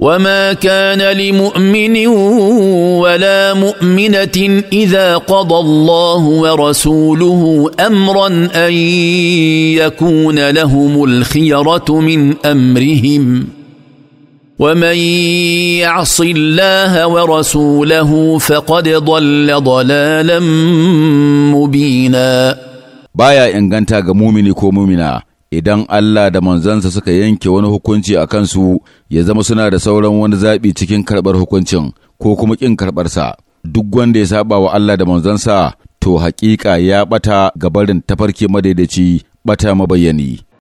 وما كان لمؤمن ولا مؤمنه اذا قضى الله ورسوله امرا ان يكون لهم الخيره من امرهم ومن يعص الله ورسوله فقد ضل ضلالا مبينا بايا ان ga mumini ko idan Allah da manzansa suka yanke wani hukunci a kansu ya zama suna da sauran wani zaɓi cikin karɓar hukuncin ko kuma ƙin karɓarsa duk wanda ya saba wa Allah da manzansa to haƙiƙa ya ɓata ga barin tafarki madaidaici ɓata mabayani.